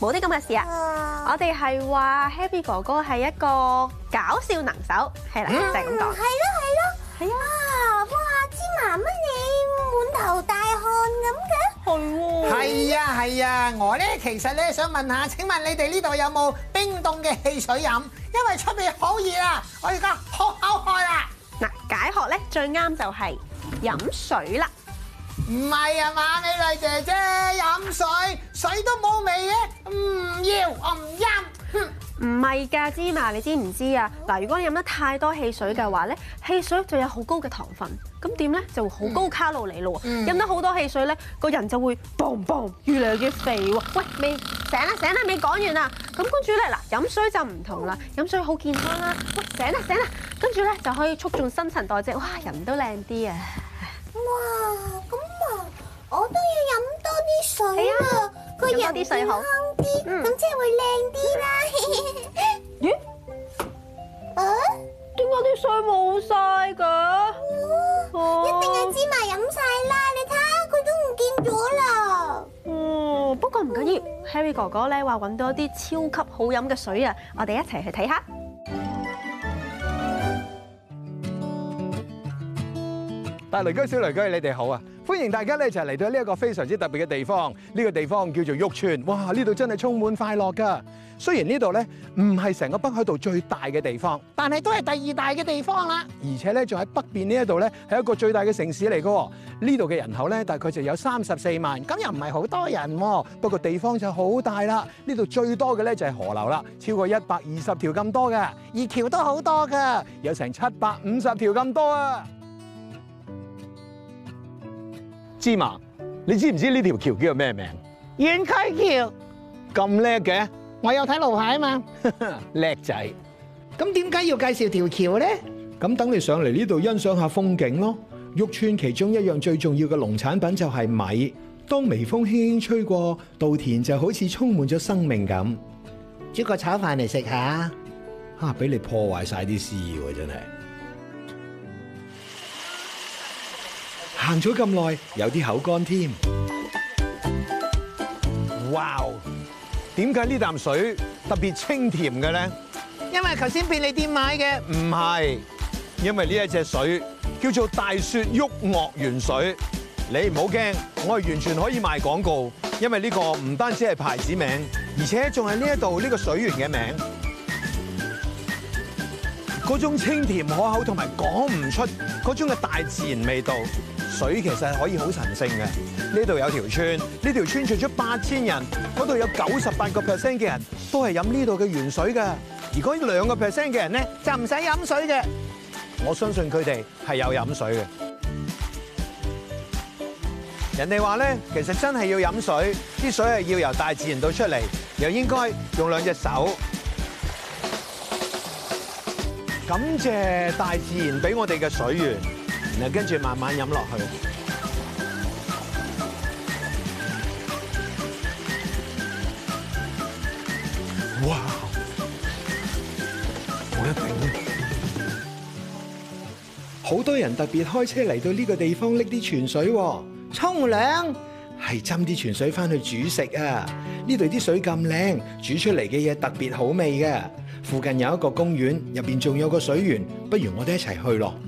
冇啲咁嘅事啊！我哋係話 Happy 哥哥係一個搞笑能手，係啦，就係咁講。係咯係咯，係啊！哇，芝麻乜嘢滿頭大汗咁嘅。係喎。係啊係啊，我咧其實咧想問下，請問你哋呢度有冇冰凍嘅汽水飲？因為出面好熱啊，我而家好口渴啦。嗱，解渴咧最啱就係飲水啦。唔係啊嘛，美麗姐姐飲水，水都冇味嘅，唔要，我唔飲。唔係㗎，芝麻你知唔知啊？嗱、哦，如果你飲得太多汽水嘅話咧，汽水就有好高嘅糖分，咁點咧就會好高卡路里咯。飲、嗯、得好多汽水咧，個人就會磅磅越嚟越肥喎。喂，未醒啦醒啦，未講完啦。咁跟住咧嗱，飲水就唔同啦，飲水好健康啦。喂，醒啦醒啦，跟住咧就可以促進新陳代謝，哇，人都靚啲啊。哇，咁～水啊，佢有啲水好啲，咁即係會靚啲啦。咦？啊？點解啲水冇晒㗎？一定係芝麻飲晒啦！你睇下，佢都唔見咗啦。哦，不過唔緊要 ，Harry 哥哥咧話搵到一啲超級好飲嘅水啊，我哋一齊去睇下。大雷哥小雷哥，你哋好啊！歡迎大家咧就嚟到呢一個非常之特別嘅地方，呢、呢個地方叫做旭川。哇！呢度真係充滿快樂噶。雖然呢度咧唔係成個北海道最大嘅地方，但係都係第二大嘅地方啦。而且咧仲喺北邊呢一度咧係一個最大嘅城市嚟噶。呢度嘅人口咧大概就有三十四萬，咁又唔係好多人喎。不過地方就好大啦。呢度最多嘅咧就係河流啦，超過一百二十條咁多嘅，而橋都好多噶，有成七百五十條咁多啊。你知唔知呢條橋叫做咩名？元溪橋。咁叻嘅，我有睇路牌啊嘛。叻 仔明，咁點解要介紹條橋咧？咁等你上嚟呢度欣賞下風景咯。玉村其中一樣最重要嘅農產品就係米。當微風輕輕吹過，稻田就好似充滿咗生命咁。煮個炒飯嚟食下。吓、啊，俾你破壞晒啲詩意真係。行咗咁耐，有啲口乾添。哇！點解呢啖水特別清甜嘅咧？因為頭先便利店買嘅唔係，因為呢一隻水叫做大雪旭岳源水。你唔好驚，我係完全可以賣廣告，因為呢個唔單止係牌子名，而且仲係呢一度呢個水源嘅名。嗰種清甜可口，口，同埋講唔出嗰種嘅大自然味道。水其實係可以好神聖嘅。呢度有一條村，呢條村除咗八千人那裡，嗰度有九十八個 percent 嘅人都係飲呢度嘅原水㗎。如果兩個 percent 嘅人咧，就唔使飲水嘅。我相信佢哋係有飲水嘅。人哋話咧，其實真係要飲水，啲水係要由大自然度出嚟，又應該用兩隻手。感謝大自然俾我哋嘅水源。嗱，跟住慢慢飲落去。哇！好多人特別開車嚟到呢個地方拎啲泉水，沖涼，係斟啲泉水返去煮食啊！呢度啲水咁靚，煮出嚟嘅嘢特別好味嘅。附近有一個公園，入邊仲有個水源，不如我哋一齊去咯～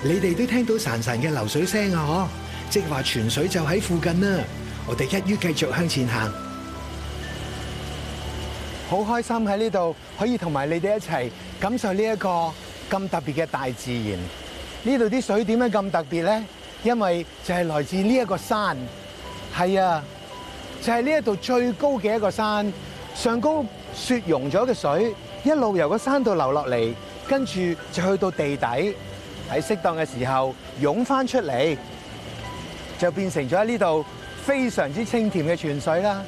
你哋都聽到潺潺嘅流水聲啊！可即話泉水就喺附近啦。我哋一於繼續向前行，好開心喺呢度可以同埋你哋一齊感受呢一個咁特別嘅大自然。呢度啲水點解咁特別咧？因為就係來自呢一個山，係啊，就係呢一度最高嘅一個山，上高雪融咗嘅水一路由個山度流落嚟，跟住就去到地底。喺適當嘅時候湧翻出嚟，就變成咗呢度非常之清甜嘅泉水啦。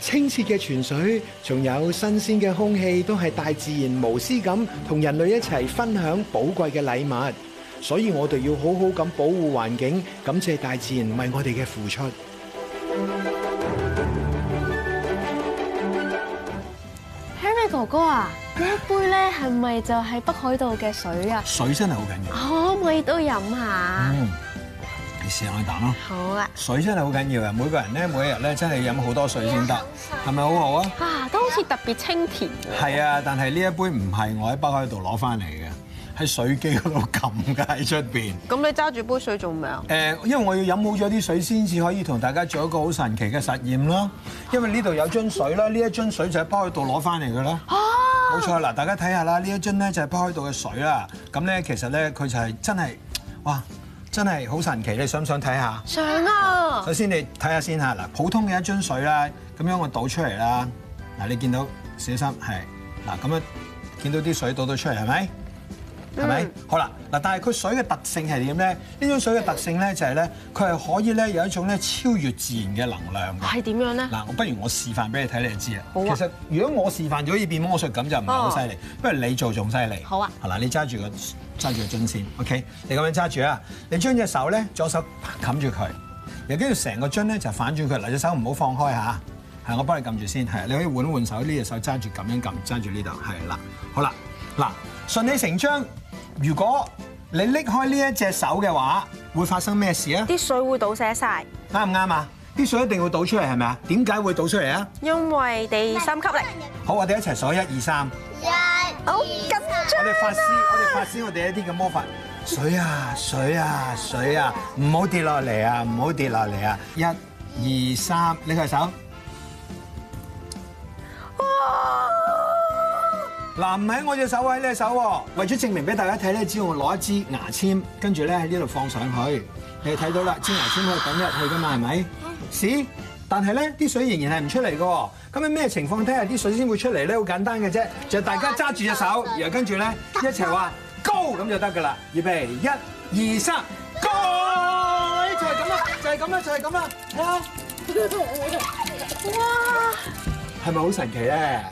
清澈嘅泉水，仲有新鮮嘅空氣，都係大自然無私咁同人類一齊分享寶貴嘅禮物。所以我哋要好好咁保護環境，感謝大自然為我哋嘅付出。哥哥啊，呢一杯咧，係咪就係北海道嘅水啊？水真係好緊要，可唔可以都飲下？嗯，你試下去啖咯。好啊。水真係好緊要啊！每個人咧，每一日咧，真係飲好多水先得，係咪好好啊？啊，都好似特別清甜。係啊，但係呢一杯唔係我喺北海道攞翻嚟嘅。喺水機嗰度撳緊喺出邊。咁你揸住杯水做咩啊？誒，因為我要飲好咗啲水先至可以同大家做一個好神奇嘅實驗啦。因為呢度有樽水啦，呢 一樽水就係北海道攞翻嚟嘅啦。冇、啊、錯啦，大家睇下啦，呢一樽咧就係北海道嘅水啦。咁咧其實咧佢就係真係哇，真係好神奇。你想唔想睇下？想啊！首先你睇下先吓嗱，普通嘅一樽水啦，咁樣我倒出嚟啦。嗱，你見到小心係嗱咁樣見到啲水倒到出嚟係咪？係咪？嗯、好啦，嗱，但係佢水嘅特性係點咧？呢種水嘅特性咧就係咧，佢係可以咧有一種咧超越自然嘅能量的是。係點樣咧？嗱，我不如我示範俾你睇，你就知啦。好啊、其實如果我示範咗可以變魔術咁就唔係好犀利，哦、不如你做仲犀利。好啊。係啦，你揸住個揸住個樽先，OK？你咁樣揸住啊，你將隻手咧左手冚住佢，然後跟住成個樽咧就反轉佢。嗱，隻手唔好放開下，係我幫你撳住先，係你可以換一換手，呢隻手揸住咁樣撳，揸住呢度，係啦，好啦，嗱。順理成章，如果你拎開呢一隻手嘅話，會發生咩事啊？啲水會倒瀉晒，啱唔啱啊？啲水一定是是會倒出嚟係咪啊？點解會倒出嚟啊？因為第三級力。好，我哋一齊數一二三。一，好緊張我哋發施，我哋發施，我哋一啲嘅魔法水啊，水啊，水啊，唔好跌落嚟啊，唔好跌落嚟啊！一、二、三，拎隻手。嗱，唔喺我隻手喎，喺你隻手喎。為咗證明俾大家睇咧，只要我攞一支牙籤，跟住咧喺呢度放上去你就，你睇到啦，支牙籤可以等入去㗎嘛？係咪？屎、嗯，但係咧，啲水仍然係唔出嚟喎。咁樣咩情況底下啲水先會出嚟咧？好簡單嘅啫，就大家揸住隻手，然後跟住咧一齊話高咁就得㗎啦。預備，一、二、三，高！就係咁啦，就係咁啦，就係咁啦，係啊！哇，係咪好神奇咧？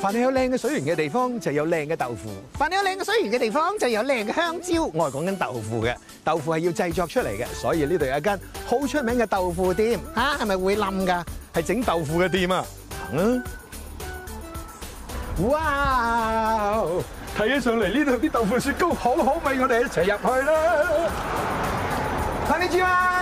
凡係有靚嘅水源嘅地方，就有靚嘅豆腐；凡係有靚嘅水源嘅地方，就有靚嘅香蕉。我係講緊豆腐嘅，豆腐係要製作出嚟嘅，所以呢度有一間好出名嘅豆腐店是是。吓，係咪會冧噶？係整豆腐嘅店啊！行啊！哇，睇起上嚟呢度啲豆腐雪糕好好味，我哋一齊入去啦！歡迎知啊！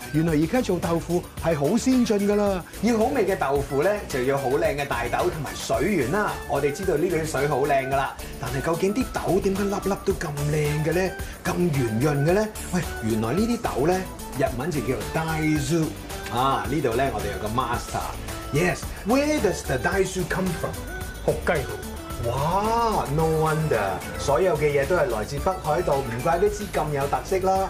原來而家做豆腐係好先進㗎啦，要好味嘅豆腐咧就要好靚嘅大豆同埋水源啦。我哋知道呢啲水好靚㗎啦，但係究竟啲豆點解粒粒都咁靚嘅咧、咁圓潤嘅咧？喂，原來呢啲豆咧，日文就叫做大豆啊。呢度咧，我哋有個 master。Yes，where does the daizu come from？北海道！哇，no wonder，所有嘅嘢都係來自北海道，唔怪得之咁有特色啦。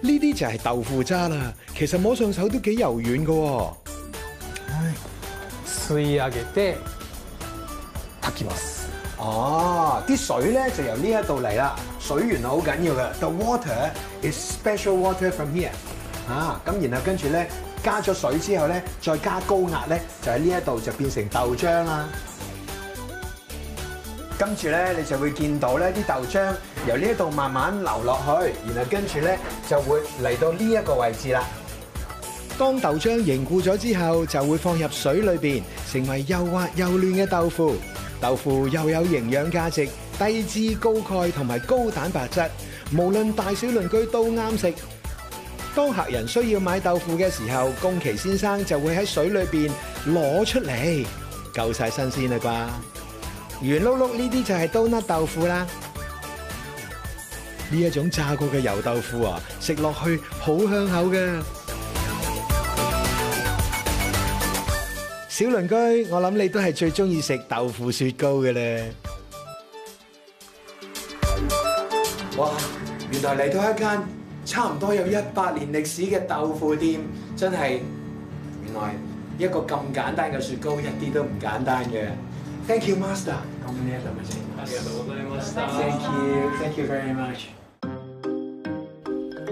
呢啲就係豆腐渣啦，其實摸上手都幾柔軟㗎喎。哎，吸上げて、たきます。哦，啲水咧就由呢一度嚟啦，水源係好緊要嘅。The water is special water from here。嚇，咁然後跟住咧加咗水之後咧，再加高壓咧，就喺呢一度就變成豆漿啦。跟住咧，你就會見到咧啲豆漿由呢一度慢慢流落去，然後跟住咧就會嚟到呢一個位置啦。當豆漿凝固咗之後，就會放入水裏邊，成為又滑又嫩嘅豆腐。豆腐又有營養價值，低脂高鈣同埋高蛋白質，無論大小鄰居都啱食。當客人需要買豆腐嘅時候，宮崎先生就會喺水裏邊攞出嚟，夠晒新鮮啦啩。圓碌碌呢啲就係刀焅豆腐啦，呢一種炸過嘅油豆腐啊，食落去好香口㗎。小鄰居，我諗你都係最中意食豆腐雪糕嘅咧。哇，原來嚟到一間差唔多有一百年歷史嘅豆腐店，真係原來一個咁簡單嘅雪糕一啲都唔簡單嘅。Thank you, master。咁呢一度先。啊，多謝您，master。Thank you, thank you very much。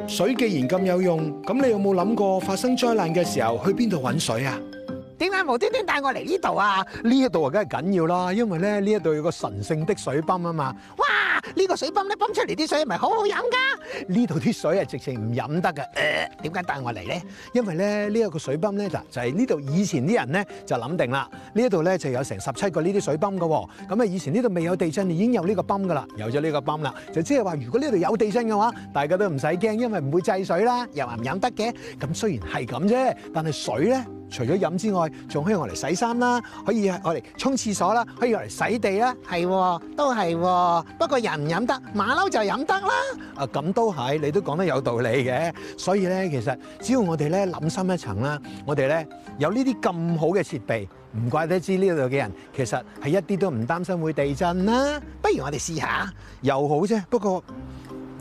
水既然咁有用，咁你有冇諗過發生災難嘅時候去邊度揾水啊？點解無端端帶我嚟呢度啊？呢一度啊，梗係緊要啦，因為咧呢一度有個神聖的水泵啊嘛。嘩！呢個水泵咧泵出嚟啲水咪好好飲㗎？呢度啲水係直情唔飲得㗎。點解帶我嚟咧？因為咧呢一個水泵咧嗱就係呢度以前啲人咧就諗定啦。呢一度咧就有成十七個呢啲水泵㗎喎。咁啊以前呢度未有地震已經有呢個泵㗎啦。有咗呢個泵啦，就即係話如果呢度有地震嘅話，大家都唔使驚，因為唔會制水啦，又話唔飲得嘅。咁雖然係咁啫，但係水咧。除咗飲之外，仲可以用嚟洗衫啦，可以用嚟沖廁所啦，可以用嚟洗地啦，係喎，都係喎。不過人唔飲得，馬騮就飲得啦。啊，咁都係，你都講得有道理嘅。所以咧，其實只要我哋咧諗深一層啦，我哋咧有呢啲咁好嘅設備，唔怪得知呢度嘅人其實係一啲都唔擔心會地震啦。不如我哋試下，又好啫。不過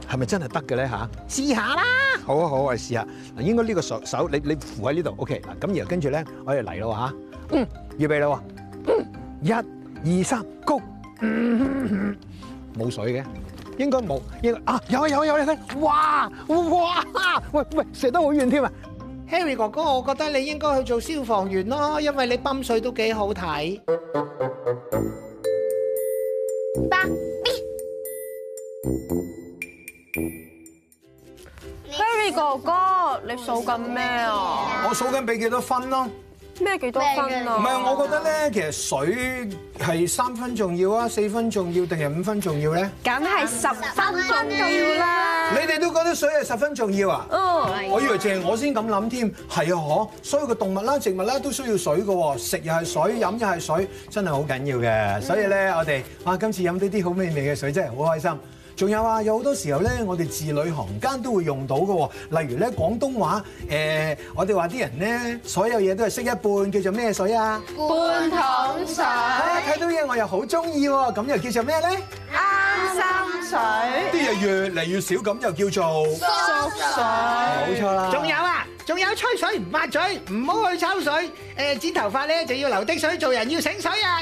係咪真係得嘅咧？嚇，試下啦！好啊好，我哋試下。嗱，應該呢個手手你你扶喺呢度。O K，嗱咁然後跟住咧，我哋嚟咯吓，嗯，預備啦。嗯，一、二、三，高。冇水嘅，應該冇。應該啊，有啊有啊有，你睇。哇哇！喂喂，射得好遠添啊！Harry 哥哥，我覺得你應該去做消防員咯，因為你泵水都幾好睇。哥哥，你數緊咩啊？我數緊俾幾多分咯？咩幾多分啊？唔係，我覺得咧，其實水係三分重要啊，四分重要定係五分重要咧？梗係十分重要啦！你哋都覺得水係十分重要啊？哦，我以為淨係我先咁諗添，係啊，嗬！所有嘅動物啦、植物啦都需要水㗎，食又係水，飲又係水，真係好緊要嘅。所以咧，我哋啊，今次飲呢啲好美味嘅水，真係好開心。仲有啊，有好多時候咧，我哋字裏行間都會用到嘅。例如咧，廣東話，誒，我哋話啲人咧，所有嘢都係識一半，叫做咩水啊？半桶水。睇到嘢我又好中意喎，咁又叫做咩咧？啱心水。啲嘢越嚟越少，咁又叫做縮水。冇錯啦。仲有啊，仲有吹水唔抹嘴，唔好去抽水。誒，剪頭髮咧就要留啲水，做人要醒水啊！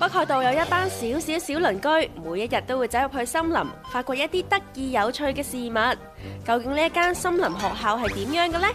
北海道有一班小小小鄰居，每一日都會走入去森林，發掘一啲得意有趣嘅事物。究竟呢一間森林學校係點樣嘅呢？